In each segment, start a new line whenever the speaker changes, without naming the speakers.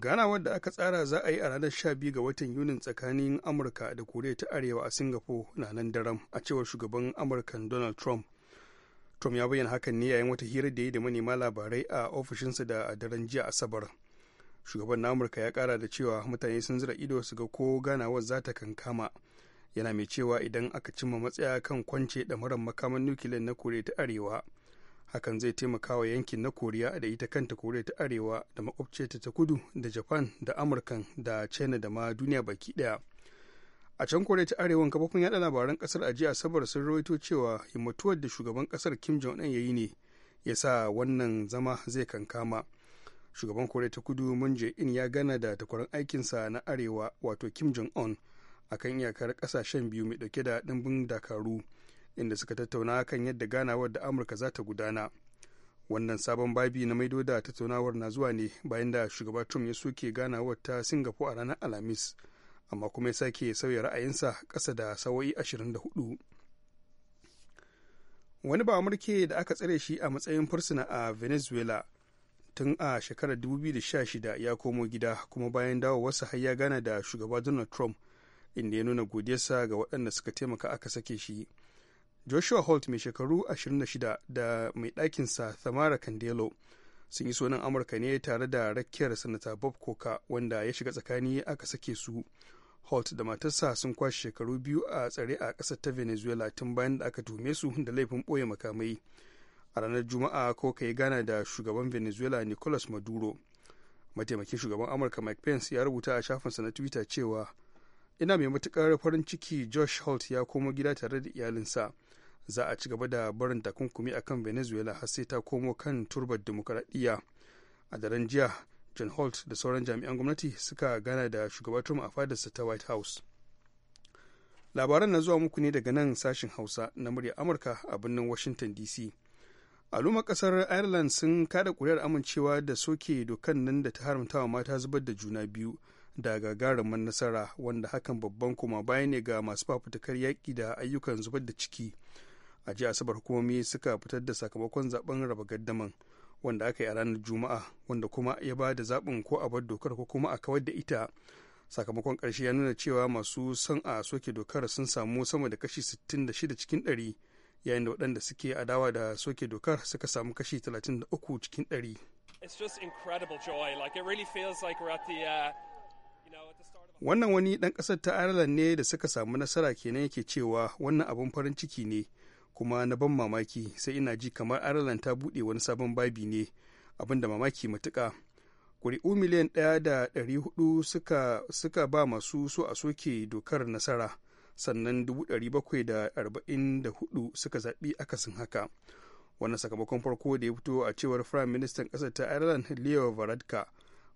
ganawar da aka tsara za a yi a ranar 12 ga watan yunin tsakanin amurka da koriya ta arewa a singapore na nan daram a cewar shugaban amurka donald trump trump ya bayyana hakan ne yayin wata hirar da ya da manema labarai a ofishinsa da a daren jiya asabar shugaban na amurka ya kara da cewa mutane sun zira ido su ga ko ganawar za ta kankama yana mai cewa idan aka cimma matsaya kan kwance ɗamarar makaman nukiliyar na koriya ta arewa hakan zai taimaka wa yankin na koriya da ita kanta koriya ta arewa da makwabciyarta ta kudu da japan da amurkan da china da ma duniya baki daya a can koriya ta arewan kafofin yada labaran kasar a jiya asabar sun rawaito cewa mutuwar da shugaban kasar kim jong un ya yi ne ya sa wannan zama zai kankama shugaban koriya ta kudu mun je in ya gana da takwaran aikinsa na arewa wato kim jong un akan iyakar kasashen biyu mai dauke da dimbin dakaru inda suka tattauna kan yadda ganawar da amurka za ta gudana wannan sabon babi na maido da tattaunawar na zuwa ne bayan da shugaba trump ya soke ganawar ta singapore a ranar alhamis amma kuma ya sake sauya ra'ayinsa ƙasa da sawa'i 24 wani ba amurke da aka tsare shi a matsayin fursuna a venezuela tun a shekarar 2016 ya komo gida kuma bayan dawo wasu har ya gana da shugaba donald trump inda ya nuna godiyarsa ga waɗanda suka taimaka aka sake shi joshua holt mai shekaru 26 da mai ɗakinsa samara kandelo sun yi sunan amurka ne tare da rakiyar sanata bob koka wanda ya shiga tsakani aka sake su holt da matarsa sun kwashe shekaru biyu a tsare a ƙasar ta venezuela tun bayan da aka tuhume su da laifin ɓoye makamai a ranar juma'a koka ya gana da shugaban venezuela nicolas maduro mataimakin shugaban amurka mike pence ya rubuta a shafinsa na twitter cewa ina mai matukar farin ciki josh holt ya komo gida tare da iyalinsa za a ci gaba da barin takunkumi kan venezuela har sai ta komo kan turbar dimokuraɗiyya a daren jiya john holt da sauran jami'an gwamnati suka gana da shugaba trump a fadarsa ta white house labaran na zuwa muku ne daga nan sashen hausa na murya amurka a birnin washington dc al'ummar kasar ireland sun kada kuri'ar amincewa da soke dokan nan da ta haramta wa mata zubar da juna biyu da gagarumin nasara wanda hakan babban koma bayan ne ga masu fafutukar yaƙi da ayyukan zubar da ciki a jiya asabar hukumomi suka fitar da sakamakon zaben raba gaddaman wanda aka yi a ranar juma'a wanda kuma ya ba da zaɓin ko a bar dokar ko kuma a kawar da ita sakamakon ƙarshe ya nuna cewa masu son a soke dokar sun samu sama da kashi 66 cikin 100 yayin da waɗanda suke adawa da soke dokar suka samu kashi 33 cikin 100 uh, Wannan wani ɗan ƙasar ta Ireland ne da suka samu nasara kenan yake cewa wannan abin farin ciki ne. kuma na ban mamaki sai ina ji kamar ireland ta buɗe wani sabon babi ne abin da mamaki matuka ƙuri'u miliyan ɗaya da ɗari hudu suka, ba masu so a soke dokar nasara sannan dubu ɗari bakwai da da arba'in hudu suka zaɓi akasin haka wannan sakamakon farko da ya fito a cewar firayim ministan ƙasar ta ireland leo varadka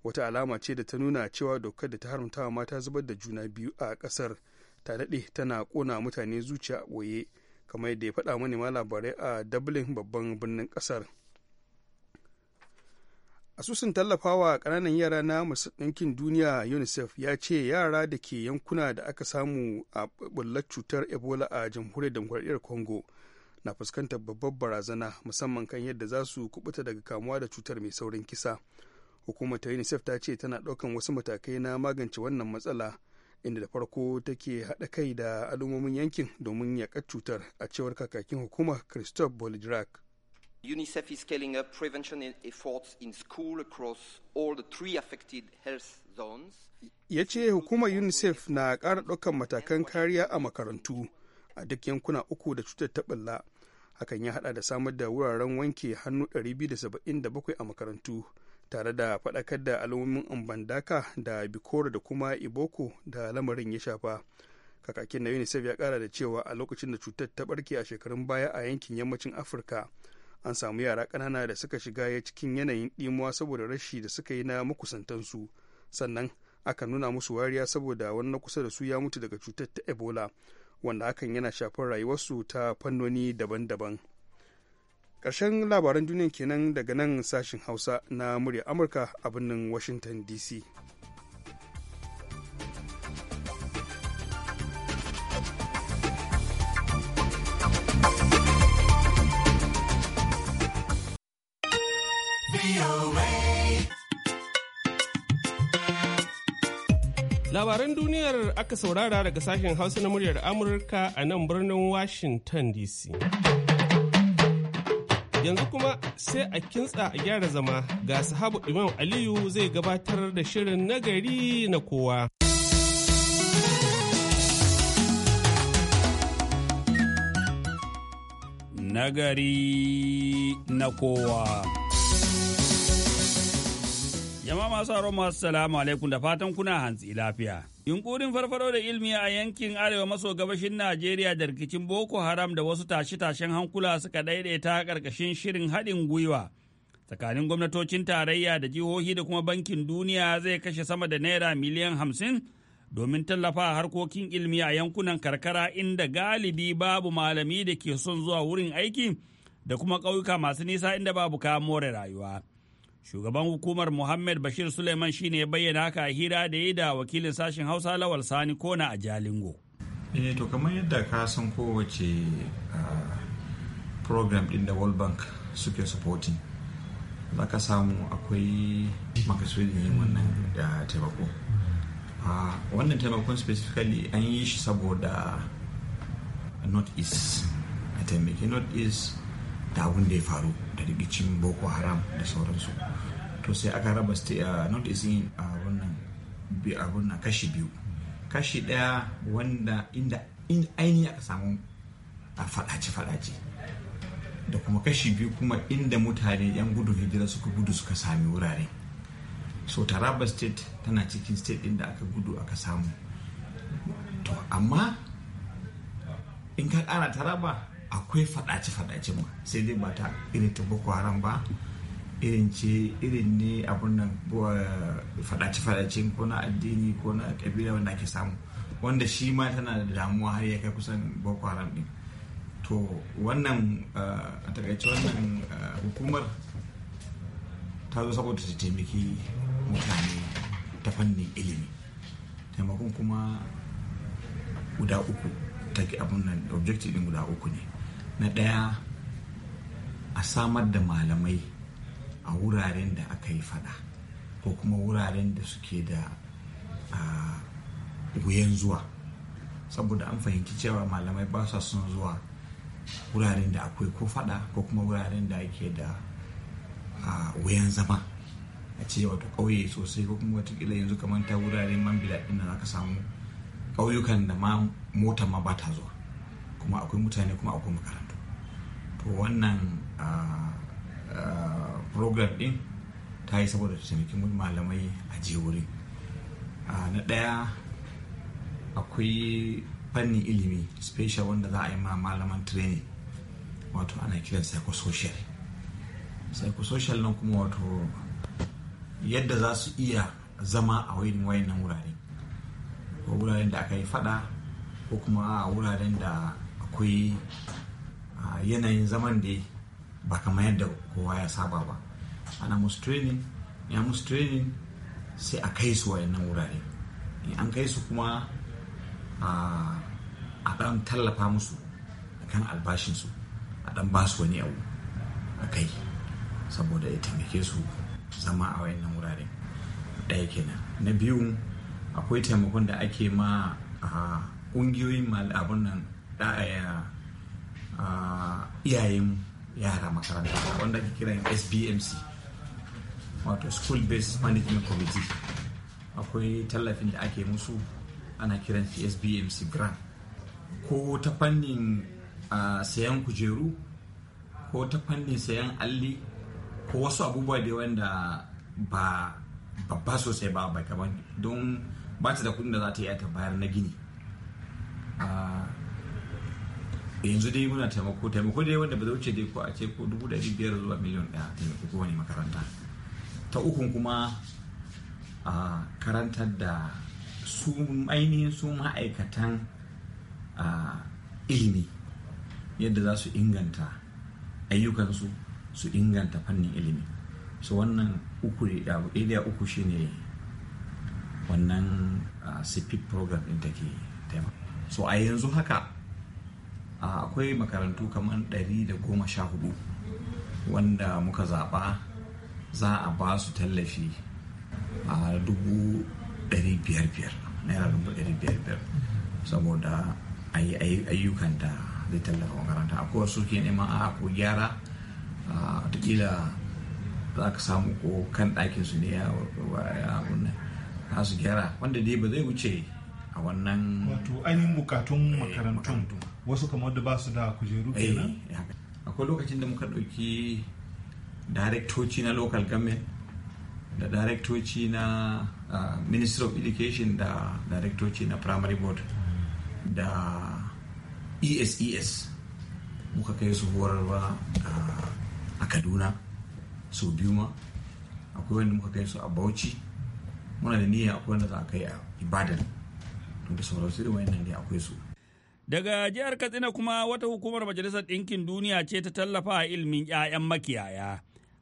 wata alama ce da ta nuna cewa dokar da ta haramta mata zubar da juna biyu a ƙasar ta daɗe tana ƙona mutane zuciya a ɓoye kamar yadda ya faɗa ma labarai a dublin babban birnin ƙasar asusun tallafawa ƙananan yara na ɗinkin duniya unicef ya ce yara da ke yankuna da aka samu a bullar cutar ebola a jamhuriyar demokuraɗiyyar congo na fuskantar babbar barazana musamman kan yadda za su kubuta daga kamuwa da cutar mai saurin kisa hukumar ta unicef ta ce tana ɗaukan wasu matakai na magance wannan matsala inda da farko take haɗa kai da al'ummomin yankin domin ka cutar a cewar kakakin hukumar christophe bolidrak
UNICEF is scaling up prevention e-, efforts in school across all the three affected health zones.
Ya ce hukumar UNICEF na ƙara ɗaukar matakan kariya a makarantu a duk yankuna uku da cutar ta balla Hakan ya haɗa da samar da wuraren wanke hannu 277 a makarantu tare da faɗakar da al'ummin ambandaka da bikoro da kuma iboko da lamarin ya shafa kakakin na unicef ya kara da cewa a lokacin da cutar ta barke a shekarun baya a yankin yammacin afirka an samu yara ƙanana da suka shiga ya cikin yanayin ɗimuwa saboda rashi da suka yi na makusantansu sannan aka nuna musu wariya saboda wani na kusa da su ya mutu daga cutar ta ebola wanda hakan yana shafar rayuwarsu ta fannoni daban-daban ƙarshen labaran duniya kenan daga nan sashin hausa na murya amurka a birnin washington dc
Labaran duniyar aka saurara daga sashen Hausa na muryar Amurka a nan birnin Washington DC. Yanzu kuma sai a kintsa a gyara zama ga sahabu Imam Aliyu zai gabatar da shirin nagari na kowa. Nagari na
kowa. Jama'a masu haro masu salamu alaikum da fatan kuna hantsi lafiya. Yunkurin farfaro da ilmi a yankin arewa maso gabashin Najeriya da rikicin Boko Haram da wasu tashe-tashen hankula suka daidaita ƙarƙashin shirin haɗin gwiwa. Tsakanin gwamnatocin tarayya da jihohi da kuma bankin duniya zai kashe sama da naira miliyan hamsin domin tallafa harkokin ilmi a yankunan karkara inda galibi babu malami da ke son zuwa wurin aiki da kuma ƙauyuka masu nisa inda babu kamo more rayuwa. Shugaban hukumar Muhammad Bashir Suleiman shine ya bayyana haka a hira da yi da wakilin sashen Hausa Lawal Sani Kona a Jalingo.
Eh to kamar yadda ka san kowace ah, program din da World Bank suke supporting za ka samu akwai da yin wannan da taimako. Ah, wannan taimakon specifically an yi shi saboda north east a taimaki north east da abin da ya faru da rikicin boko haram da sauransu to sai aka raba north east a wannan abin na kashi biyu kashi daya wanda inda in aini aka samu a uh, fadace-fadace da kuma kashi biyu kuma inda mutane yan gudun hijira suka gudu suka sami wurare so taraba state tana cikin state inda aka gudu aka samu to amma in ka kara taraba akwai faɗace fadace ma sai dai ba ta irin ta boko haram ba irin ce irin ne abun nan faɗace ko na addini ko na kabila wanda ake samu wanda shi ma tana da damuwa har ya kai kusan boko haram ɗin to wannan eh, a takaice wannan eh, hukumar ta zo saboda ta taimaki mutane ta fannin ilimi taimakon kuma guda uku take abun nan objective din guda uku ne na ɗaya a samar da malamai a wuraren da aka yi fada ko kuma wuraren da suke da wuyan zuwa saboda an fahimci cewa malamai ba sa son zuwa wuraren da akwai ko fada ko kuma wuraren da ake da wuyan zama a ce wata ƙauye sosai ko kuma watakila yanzu kamar ta wuraren man ɗin da aka samu ƙauyukan da ma mota ma ba ta zuwa kuma akwai mutane kuma akwai makaranta. to wannan ah, ah, program din ta yi saboda ciniki malamai a je wuri ah, na ɗaya akwai fannin ilimi special wanda za a yi ma malaman training wato ana kiran psychosocial psychosocial nan kuma wato yadda za su iya zama a wayin wayannan wurare ko wuraren da aka yi fada ko kuma a wuraren da akwai yanayin zaman da ba kamar yadda kowa ya saba ba ana musu training ya musu training sai a kai su wayannan wurare an kai su kuma a dan tallafa musu a kan albashinsu a ɗan ba su wani abu a kai saboda ya taimake su zama a wayannan wurare ɗaya kenan na biyu akwai taimakon da ake ma a ƙungiyoyin abun nan eh, iyayen yara makaranta wanda ake kiran sbmc wato school based management committee akwai tallafin da ake musu ana kiran shi sbmc grant ko ta fannin sayan kujeru ko ta fannin sayan alli ko wasu abubuwa da wanda ba babba sosai ba ba kaman don ba ta da kudin da za ta yi ta bayar na gini yanzu dai muna taimako taimako dai wanda ba zai wuce dai ko a ce ko dubu ɗari biyar zuwa miliyon ɗaya taimako ko wani makaranta ta ukun kuma a karantar da su ainihin su ma'aikatan ilimi yadda za su inganta ayyukansu su inganta fannin ilimi su wannan uku ɗaya uku shine wannan sifik program ɗin take taimaka so a yanzu haka akwai makarantu kamar 114 wanda muka zaɓa za a ba su tallafi a dubu biyar biyar naira dubu biyar biyar saboda ayyukan da zai tallafa makaranta akwai wasu ke neman a ko gyara watakila za ka samu ko kan ɗakin su ne ya su gyara wanda dai ba zai wuce a wannan wato ainihin bukatun eh, makarantun
wasu kamar wadda ba su da kujeru eh, kenan
akwai lokacin da muka ɗauki daraktoci na local government da daraktoci na uh, ministry of education da daraktoci na primary board da eses e muka kai su horarwa ah, a kaduna sau biyu ma akwai wanda muka kai su a bauchi muna da niyya akwai wanda za a kai a ibadan to da sauransu da wayannan ne akwai su Daga jihar
Katsina kuma wata hukumar Majalisar Ɗinkin Duniya ce ta tallafa a ilimin 'ya'yan makiyaya.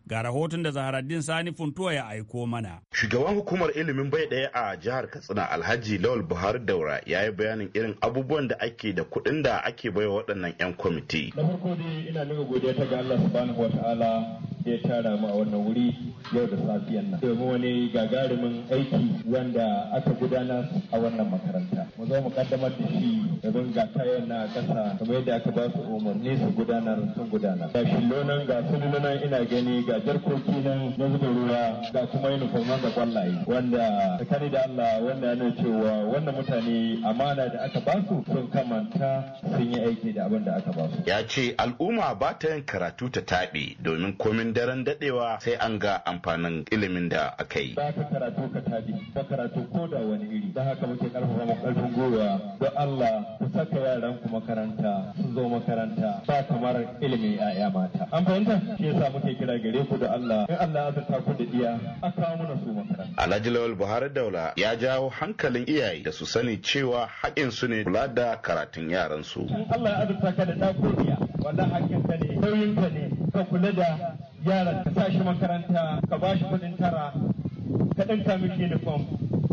ga rahoton da zaharaddin sani funtuwa ya aiko mana
shugaban hukumar ilimin bai ɗaya a jihar katsina alhaji lawal buhari daura ya yi bayanin irin abubuwan da ake da kuɗin da ake baiwa waɗannan 'yan kwamiti
na farko dai ina nuna godiya ta ga allah subhanahu ta'ala da ya tara mu a wannan wuri yau da safiyan nan domin wani gagarumin aiki wanda aka gudanar a wannan makaranta mu zo mu kaddamar da shi domin ga kayan na ƙasa kamar yadda aka ba su umarni su gudanar sun gudanar ga shillo nan ga sululu nan ina gani ga jarkoki nan na zuba ruwa ga kuma uniforman da kwallaye wanda tsakani da Allah wanda yana cewa wannan mutane amana da aka ba su sun kamanta sun yi aiki da abin da aka ba
su ya ce al'umma ba ta yin karatu ta taɓe domin komin daren dadewa sai an ga amfanin ilimin da aka yi.
Za ka karatu ka tabi, ka karatu ko da wani iri, da haka muke karfafa mu karfin gwiwa don Allah ku saka yaran ku makaranta su zo makaranta ba kamar ilimin 'ya'ya mata. An fahimta? Shi yasa muke kira gare ku da Allah, in Allah zata ku da iya, a kawo mana su makaranta.
Alhaji Lawal Buhari Daula ya jawo hankalin iyaye da su sani cewa haƙƙin su ne kula da karatun yaran su. In
Allah
ya azurta ka da ɗakuniya, wannan haƙƙin ne, nauyin ne, ka kula da yaran ka sa shi makaranta ka ba shi kuɗin tara ka ɗinka mishi uniform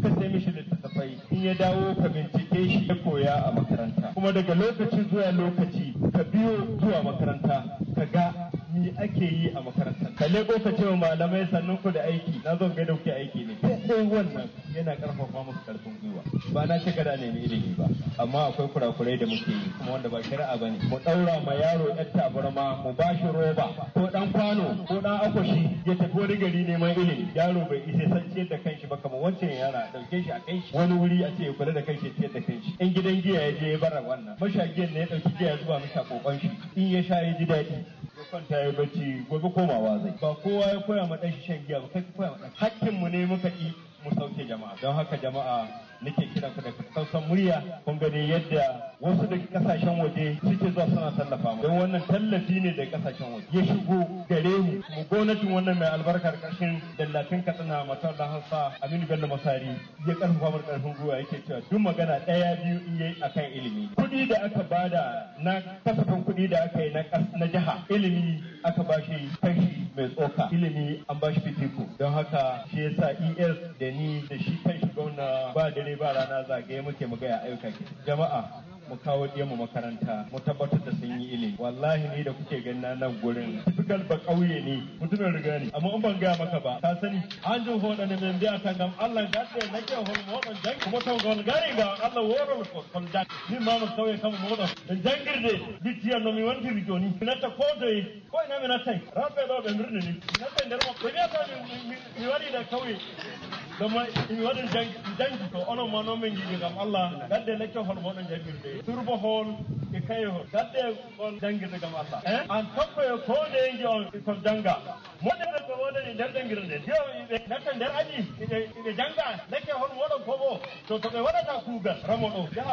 ka sai mishi littattafai in ya dawo ka bincike shi ya koya a makaranta kuma daga lokaci zuwa lokaci ka biyo zuwa makaranta ka ga me ake yi a makaranta ka leko ka ce wa malamai sannan ku da aiki na zo ga kuke aiki ne dai wannan yana karfafa muku karfin gwiwa ba na ce da ne ilimi ba amma akwai kurakurai da muke yi kuma wanda ba shari'a ba ne mu ɗaura ma yaro yan tabarma mu ba shi roba ko dan kwano ko dan akwashi ya tafi wani gari neman ilimi yaro bai isa san da kanshi ba kamar wancan yara ɗauke shi a kai shi wani wuri a ce ya kula da kanshi ciyar da kanshi in gidan giya ya je ya bara wannan mashagiyan ne ya ɗauki giya zuwa masa kokon shi in ya sha ya ji daɗi kwanta ya bacci gobe komawa zai ba kowa ya koya ma ɗan shan giya ba kai ka koya ma ɗan hakkinmu ne muka ɗi mu sauke jama'a don haka jama'a nake kira ku da sausan murya kun gani yadda wasu da kasashen waje suke zuwa suna tallafa mu don wannan tallafi ne da kasashen waje ya shigo gare mu mu gwamnatin wannan mai albarkar karshen dallafin katsina matar da hausa aminu bello masari ya karfafa mu karfin gwiwa yake cewa duk magana ɗaya biyu in yayi akan ilimi kuɗi da aka bada na kasafin kuɗi da aka yi na jiha ilimi aka bashi kashi mai tsoka ilimi an bashi fitiko don haka shi yasa es da ni da shi kan shi gwamna ba dare ba rana zagaye muke mu gaya ayyuka jama'a mu kawo mu makaranta mu tabbatar da sun yi ilimi wallahi ni da kuke gani na nan gurin typical ba kauye ne mutumin riga ne amma in ban gaya maka ba ka sani an ji hoda ne mai biya ta gam Allah ga ta ke hol mu da jan kuma ta gon gari ga Allah woro ko kon da ni ma mu kauye kan mu da jangirde bitiya no mi wanti joni. na ta ko ko ina mina tai rafe da na tai da ko ta mi da mi to ono ma no gam Allah hol turbo hol e kayo hol gam Allah eh an tokko e ko de ngi on e ko janga ko wona ni der yo e be der aji e janga hol to to be ya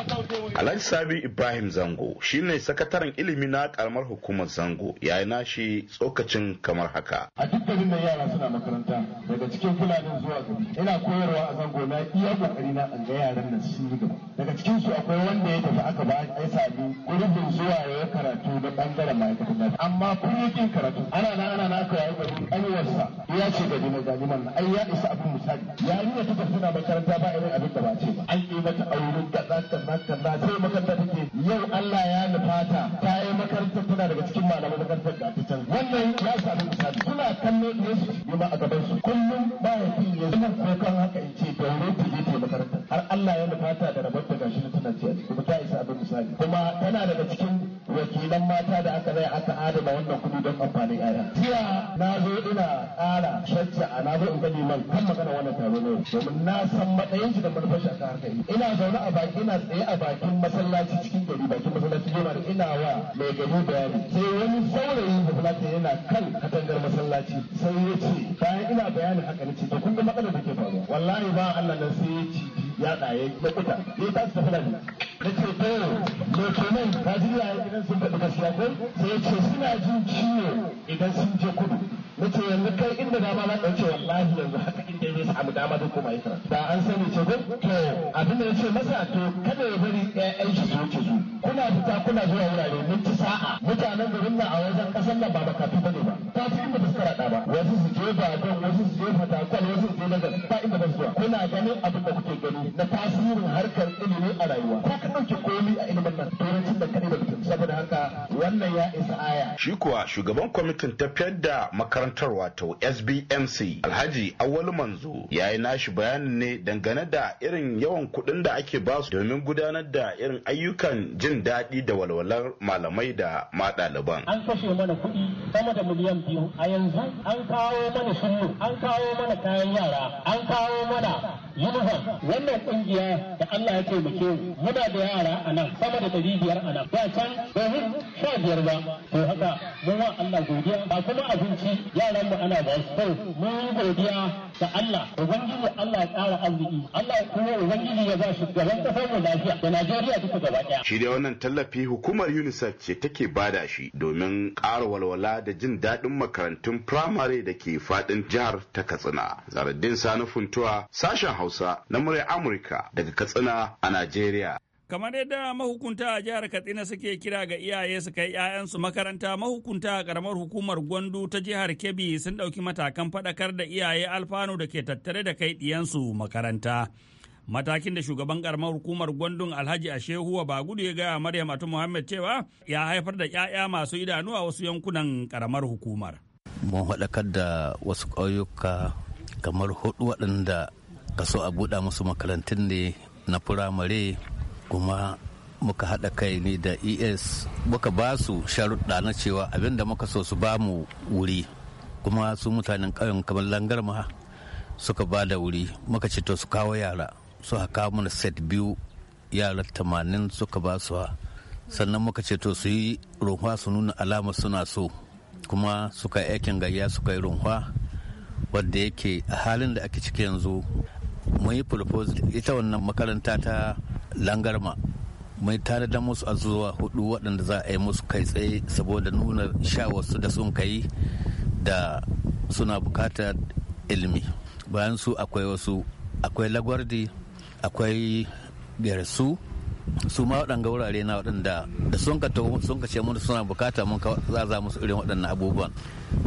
Alhaji Sabi Ibrahim Zango shine sakataren ilimi na kalmar hukumar Zango yayi nashi shi tsokacin kamar haka. A
dukkanin da yara suna makaranta daga cikin fulanin zuwa gari ina koyarwa a zango na iya kokari na an ga yaran nan sun yi gaba. Daga cikin su akwai wanda ya tafi aka ba ya sami gurbin zuwa ya karatu na bangaren ma'aikatan lafiya. Amma kun yi kin karatu ana na ana na aka yi gari ƙanwarsa ya ce gari na gari nan ai ya isa abin misali. Yarinya ta tafi suna makaranta ba irin abin da ba ce ba. An yi mata auren kaza kaza kaza sai makaranta take yau Allah ya nufata ta yi makaranta tana daga cikin malaman makarantar fitar wannan ya sa misali suna kallo ne su yi ma a gaban su kullum ba ya fi ya zama kan haka in ce daure ta je ta makaranta har Allah ya nufata da rabar da gashi na tana ce a ta isa abin misali kuma tana daga cikin waɗannan mata da aka zai aka adana wannan kuɗi don amfanin ƴaƴa. Jiya na zo ina ƙara shacca a na zo in gani man kan magana wannan taro ne domin na san matsayin shi da manufar ka akan haka ina zaune a baki ina tsaye a bakin masallaci cikin gari bakin masallaci goma da ina wa mai gari bayani sai wani saurayi masallaci yana kan katangar masallaci sai ya ce bayan ina bayanin haka ne ce to kun ga matsalar da ke faruwa wallahi ba Allah nan sai ya ci ya ɗaye na kuta ya ta su tafi na ce to me kenan ka ji da idan sun faɗi gaskiya ko sai ya ce suna jin ciwo idan sun je kudu na ce yanzu kai inda dama na ɗauke wallahi yanzu haka inda ya samu dama zai koma isra da an sani ce ko to abin da ya ce masa to kada ya bari ƴaƴan shi su wuce su kuna fita kuna zuwa wurare mun ci sa'a mutanen garin nan a wajen ƙasar nan ba makafi bane ba ta fi inda ba su ba wasu su je ba don wasu su je fatakun je nazar ba zuwa kuna ganin abin da kuke gani na tasirin harkar ilimi a rayuwa ko ka ɗauke komi a ilimin wannan ya isa aya
shi kuwa shugaban kwamitin tafiyar da makarantar wato SBMC Alhaji Awal Manzo ya yi nashi bayanin ne dangane da irin yawan kuɗin da ake basu domin gudanar da irin ayyukan jin daɗi da walwalar malamai da maɗaliban.
An kashe mana kuɗi sama da miliyan biyu a yanzu an kawo mana sunu an kawo mana kayan yara an kawo mana Yunifom wannan kungiya da Allah ya taimake mu muna da yara a nan sama da ɗari biyar a nan. Ba can domin sha biyar ba. To haka mun wa Allah godiya ba kuma abinci yaran mu ana ba su. Mun yi godiya da Allah. Ubangiji Allah ya ƙara arziki. Allah kuma Ubangiji ya ba shi gaban ƙasar mu lafiya da Najeriya duka
gaba ɗaya. Shi da wannan tallafi hukumar UNICEF ce take bada shi domin ƙara walwala da jin daɗin makarantun firamare da ke faɗin jihar ta Katsina. Zaradin Sani Funtuwa sashen Hausa na murya Amurka daga Katsina a Najeriya.
Kamar yadda mahukunta a jihar Katsina suke kira ga iyaye su kai 'ya'yansu makaranta mahukunta a karamar hukumar Gwandu ta jihar Kebbi sun ɗauki matakan faɗakar da iyaye alfanu da ke tattare da kai ɗiyansu makaranta. matakin da shugaban karamar hukumar gwandun alhaji ashehuwa ba gudu ya gaya maryam atu muhammad cewa ya haifar da 'ya'ya masu idanu a wasu yankunan karamar hukumar
mun haɗakar da wasu ƙauyuka kamar hudu waɗanda kaso so a buɗa musu makarantun ne na firamare kuma muka haɗa kai ne da es muka ba su sharuɗa na cewa abin da muka so su ba mu wuri kuma su mutanen ƙauyen kamar langarma suka ba da wuri muka ce to su kawo yara su haka mana set biyu yara tamanin suka ba su sannan muka ce to su yi runwa su nuna alama suna so kuma suka aikin gayya suka yi runwa wadda yake a halin da ake ciki yanzu mun yi proposal ita wannan makaranta ta langarma mai tare da musu azuwa hudu waɗanda za a yi musu kai tsaye saboda nuna wasu da sun kai da suna bukatar ilimi bayan su akwai wasu akwai lagwardi akwai gersu su ma waɗanga wurare na waɗanda da sun ka sun ka ce mun suna bukata mun ka za musu irin waɗannan abubuwan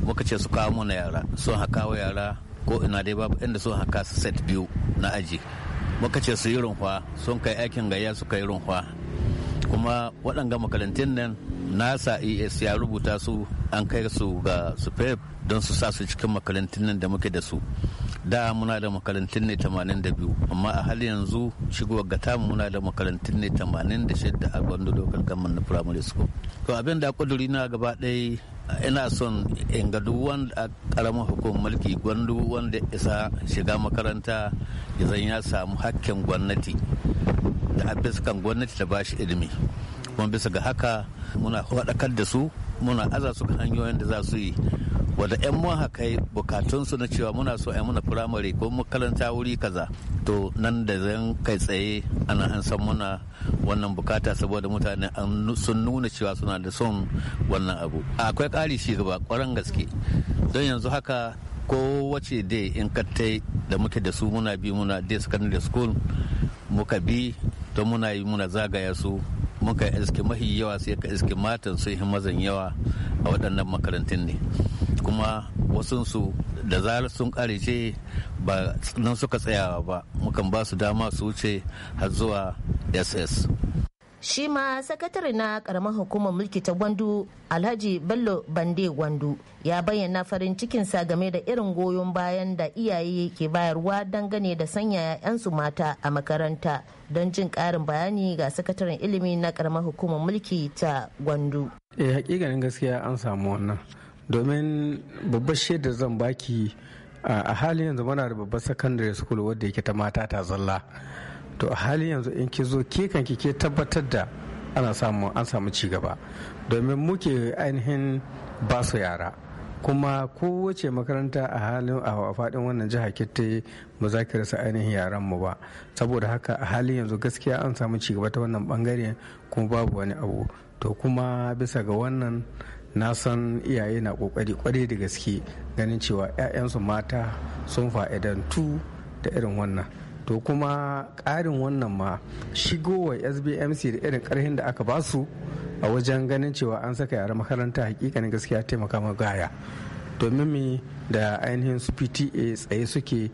muka ce su kawo mana yara sun haka yara ko ina dai babu inda sun haka su set biyu na aji muka ce su yi runfa sun kai aikin gayya su yi runfa kuma waɗanga makarantun nan nasa es ya rubuta su an kai su ga superb don su sa su cikin makarantun nan da muke da su da muna da makarantun ne 82 amma a hali yanzu shigowar gata muna da makarantun ne 86 a gwamnati local government primary school to abin da kuduri na gaba ɗaya ina son in ga duk wanda a karamin hukumar mulki gwandu wanda isa shiga makaranta zan ya samu hakkin gwamnati da abiskan gwamnati ta bashi ilimi kuma bisa ga haka muna faɗakar da su muna aza su hanyoyin da za su yi wanda 'yan mun bukatun bukatunsu na cewa muna so a muna firamare ko makaranta wuri kaza to nan da zan kai tsaye ana an san muna wannan bukata saboda mutane sun nuna cewa suna da son wannan abu akwai ƙari shi gaba ƙwarar gaske don yanzu haka ko wace dai in kattai da muke da su muna bi muna day secondary school muka bi don muna yi muna zagaya su muka iske mahi yawa sai ka iske matan sai mazan yawa a waɗannan makarantun ne kuma wasunsu da zarar sun kare ce ba nan suka tsayawa ba mukan ba su dama su wuce har zuwa ss shi ma sakatare na karamar hukumar mulki ta gwandu alhaji bello bande gwandu ya bayyana farin cikinsa game da irin goyon bayan da iyaye ke bayarwa dangane da sanya 'yansu mata a makaranta don jin karin bayani ga sakataren ilimi na karamar hukumar mulki ta
gwandu eh hakikanin gaskiya an samu wannan domin babbar shaidar zan baki a halin yanzu muna da babbar secondary school wadda yake ta mata ta zalla to a halin yanzu in ki zo ke kanki ke tabbatar da ana samu an samu ci gaba domin muke ainihin ba su yara kuma kowace makaranta a halin a faɗin wannan jihar kitte ba za ki rasa ainihin yaran mu ba saboda haka a halin yanzu gaskiya an samu ci gaba ta wannan bangare kuma babu wani abu to kuma bisa ga wannan na san iyaye na kokari kwarai da gaske ganin cewa 'ya'yansu mata sun fa'idantu da irin wannan to kuma ƙarin wannan ma shigowa sbmc da irin ƙarhin da aka basu a wajen ganin cewa an saka yara makaranta hakikanin gaskiya taimaka ma gaya domin mi da ainihin su pta tsaye suke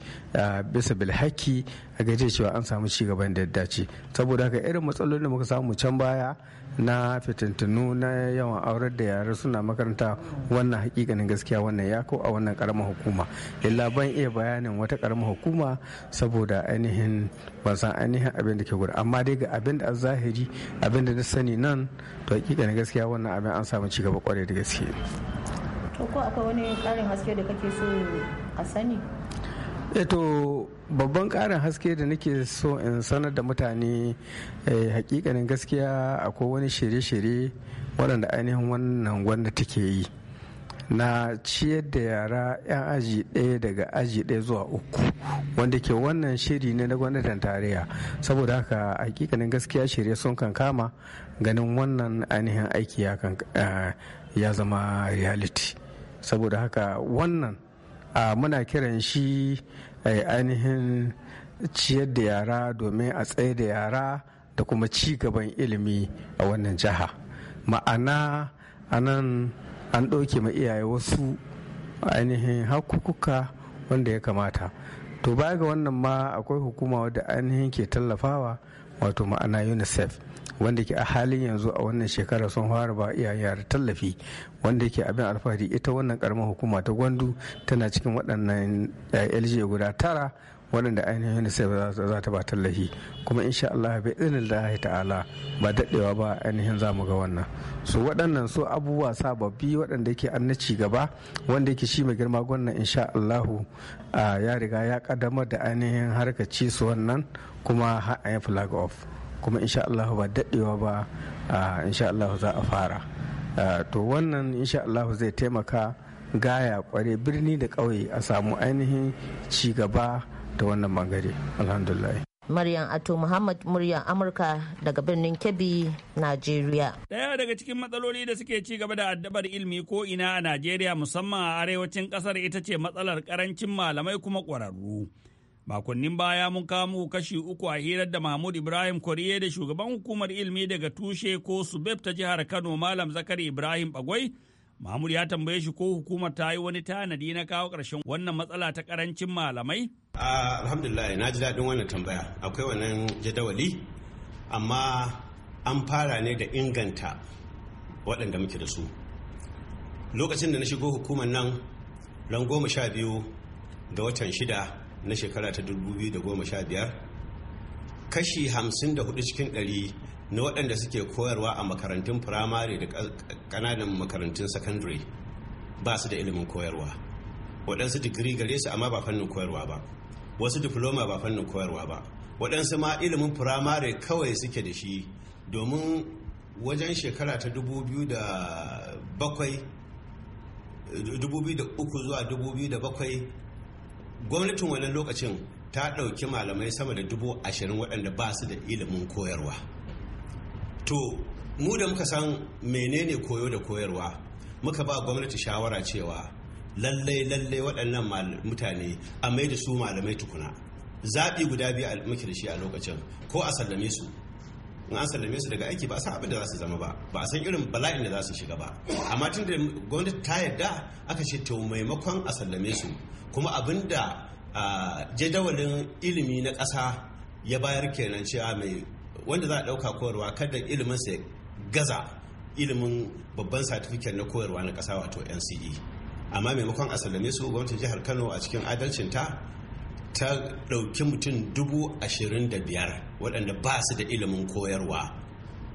bisa bilhaki a gaje cewa an samu cigaban da ya dace saboda haka irin matsalolin da muka samu can baya na fitintunu na yawan aurar da yara suna makaranta wannan hakikanin gaskiya wannan ya ko a wannan karamar hukuma illa ban iya bayanin wata karamar hukuma saboda ainihin ban san ainihin abin da ke gudu amma dai ga abin da zahiri abin da na sani nan to hakikanin gaskiya wannan abin an samu cigaba kwarai da gaske
to ko akwai wani karin haske da kake so a sani
eto eh, babban karin haske da nake so in sanar da mutane eh, hakikanin gaskiya akwai wani shirye-shirye waɗanda ainihin wannan gwamnati ke yi na ciyar da yara 'yan aji ɗaya daga aji ɗaya zuwa uku wanda ke wannan shiri ne na gwamnatin tarayya saboda haka hakikanin gaskiya shirye sun kan kama ganin wannan ainihin aiki ya eh, zama reality saboda haka wannan a muna kiran shi ainihin ciyar da yara domin a tsaye da yara da kuma ci gaban ilimi a wannan jiha ma'ana anan an ɗauke ma iyaye wasu ainihin hakukuka wanda ya kamata to baya ga wannan ma akwai hukuma wadda ainihin ke tallafawa wato ma'ana unicef wanda ke a halin yanzu a wannan shekarar sun fara ba da tallafi wanda ke abin alfahari ita wannan karamar hukuma ta gwandu tana cikin waɗannan eh, lg guda tara waɗanda ainihin unicef za ta ba tallafi kuma insha Allah bai izinin da ta'ala ba daɗewa ba ainihin za mu ga wannan su waɗannan su abubuwa sababbi waɗanda ke an na ci gaba wanda yake shi mai girma gwannan insha Allah ah, ya riga ya kaddamar da ainihin harkar ci su wannan kuma ha'ayin flag off kuma insha Allah ba daɗewa ba insha Allah za a fara to wannan insha Allah zai taimaka gaya kware birni da ƙauye a samu ainihin ci gaba da wannan bangare alhamdulillah
Maryam Ato Muhammad muryar Amurka daga birnin Kebbi, Najeriya.
Daya daga cikin matsaloli da suke ci gaba da addabar ilmi ko ina a Najeriya musamman a arewacin kasar ita ce matsalar karancin malamai kuma ƙwararru. Makonnin baya mun kamo kashi uku a hirar da Mahmud Ibrahim Koriye da shugaban hukumar ilimi daga tushe ko subeb ta jihar Kano Malam Zakar Ibrahim Bagwai. Mahmud ya tambaye shi ko hukumar ta yi wani tanadi na kawo ƙarshen wannan matsala ta karancin malamai?
Alhamdulillah na ji daɗin wannan tambaya akwai wannan jadawali amma an fara ne da inganta waɗanda muke da su. Lokacin da na shigo hukumar nan ran goma sha biyu da watan shida na shekara ta 2015 kashi 54 cikin 100 na waɗanda suke koyarwa a makarantun firamare da ƙananan makarantun secondary ba su da ilimin koyarwa waɗansu digiri gare su amma ba fannin koyarwa ba wasu diploma ba fannin koyarwa ba waɗansu ma ilimin firamare kawai suke da shi domin wajen shekara ta 2007 2003 zuwa 2007 gwamnatin wannan lokacin ta ɗauki malamai sama da dubu ashirin waɗanda ba su da ilimin koyarwa to mu da muka san menene koyo da koyarwa muka ba gwamnati shawara cewa lallai lallai waɗannan mutane a mai da su malamai tukuna zaɓi guda biyu a muke da shi a lokacin ko a sallame su in an sallame su daga aiki ba a san abin da za su zama ba ba a san irin bala'in da za su shiga ba amma tun da gwamnati ta yarda aka ce to maimakon a sallame su kuma abin da jadawalin ilimi na ƙasa ya bayar kenan cewa mai wanda za a ɗauka koyarwa kada ilimin sai gaza ilimin babban satifiket na koyarwa na ƙasa wato nce amma maimakon a sallame su gwamnatin jihar kano a cikin adalcinta ta ɗauki mutum dubu ashirin da biyar waɗanda ba su da ilimin koyarwa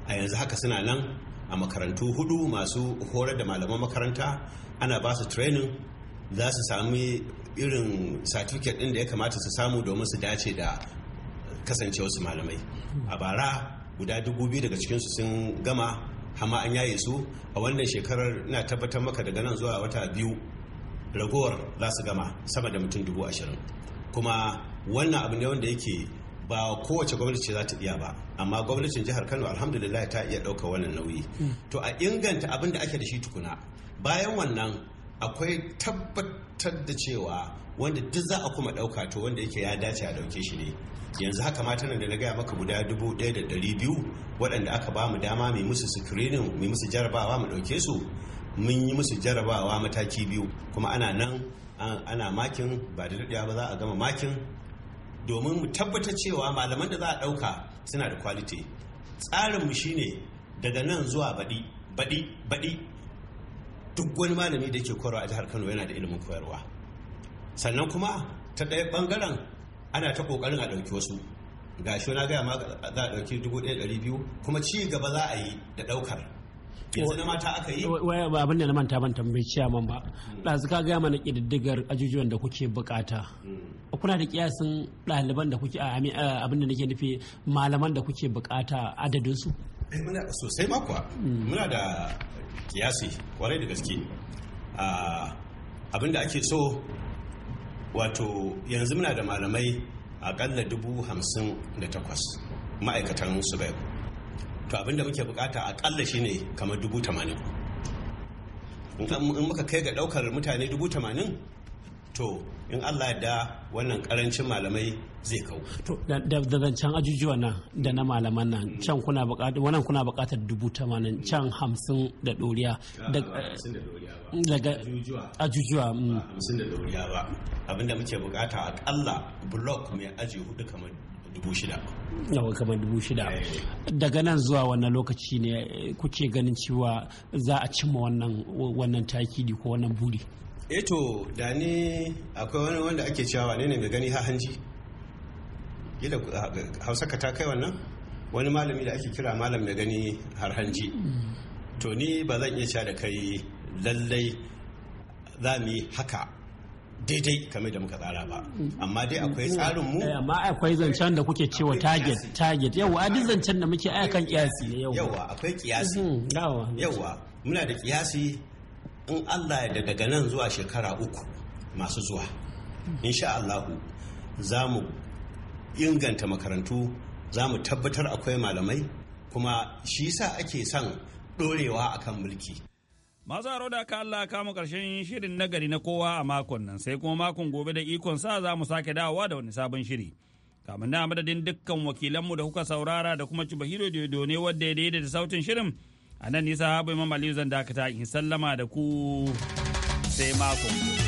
a yanzu haka suna nan a makarantu hudu masu horar da malaman makaranta ana ba su training za su sami irin satifiket ɗin da ya kamata su samu domin su dace da kasance wasu malamai a bara guda dubu biyu daga cikinsu sun gama hama an yaye su a wannan shekarar na tabbatar maka daga nan zuwa wata biyu ragowar za su gama sama da mutum dubu ashirin kuma wannan abu ne wanda yake ba kowace gwamnati ce za ta iya ba amma gwamnatin jihar kano alhamdulillah ta iya ɗauka wannan nauyi hmm. to a inganta abin da ake da shi tukuna bayan wannan akwai tabbatar da cewa wanda duk za a kuma ɗauka to wanda yake ya dace a ɗauke shi ne yanzu haka matan da na gaya maka guda dubu ɗaya da ɗari biyu waɗanda aka ba mu dama mai musu sikirinin mai musu jarabawa mu ɗauke su mun yi musu jarabawa mataki biyu kuma ana nan ana makin ba da daɗewa ba za a gama makin domin mu tabbatar cewa malaman da za a ɗauka suna da kwalite tsarinmu shine daga nan zuwa baɗi baɗi baɗi duk wani malami da ke koyarwa a jihar kano yana da ilimin koyarwa sannan kuma ta ɗaya ɓangaren ana ta ƙoƙarin a ɗauki wasu ga shi na gaya ma za a ɗauki dubu ɗaya ɗari biyu kuma ci gaba za a yi da ɗaukar yanzu na mata aka yi
waya ba abin da na manta ban tambayi man ba hmm. ɗazu ka gaya mana ƙididdigar ajujuwan da kuke buƙata hmm. kuna da kiyasin ɗaliban da kuke abin da nake nufi malaman da kuke buƙata adadinsu
eh, sosai makwa hmm. muna da kiyasi kwarai da gaske abin da ake so wato yanzu muna da malamai a akalla dubu hamsin da takwas ma'aikatan su bai to abin da muke bukata akalla shine kamar dubu tamanin in muka kai ga daukar mutane dubu tamanin to in allah da wannan karancin malamai zai kawo.
to da zancen ajujuwa nan da na malaman nan can kuna bukatar wannan kuna bukatar dubu tamanin can hamsin da
doriya daga
ajujuwa mm. hamsin
da doriya ba abinda muke bukata a kalla block mai aji hudu kamar dubu shida.
Yawa kamar dubu shida. Eh. Daga nan zuwa wannan lokaci ne eh, kuke ganin cewa za a cimma wannan wannan ko wannan buri.
eto eh da ni akwai wani wanda ake cewa ne ne mai gani ha hanji gida ah, hausa ka ta kai wannan wani malami da ake kira malam mai gani har hanji mm. to ni ba zan iya cewa da kai lallai za mu yi haka daidai kamar da muka tsara ba mm. amma dai akwai tsarin mu eh,
amma akwai zancen da kuke cewa target target yawa a duk zancen da muke
aya kiyasi ne yawa akwai kiyasi mm-hmm. yawa muna da kiyasi in allah ya daga nan zuwa shekara uku masu zuwa insha allahu za mu inganta makarantu
za mu tabbatar akwai malamai kuma shi sa ake son ɗorewa akan mulki Masu haro da aka Allah kama karshen shirin nagari na kowa a makon nan sai kuma makon gobe da ikon sa za mu sake dawowa da wani sabon shiri. Kamin na madadin dukkan wakilanmu da kuka saurara da kuma Cibahiro Dodo ne wadda ya daidaita sautin shirin a nan nisa habu imam aliyu zan dakata in sallama da ku sai makon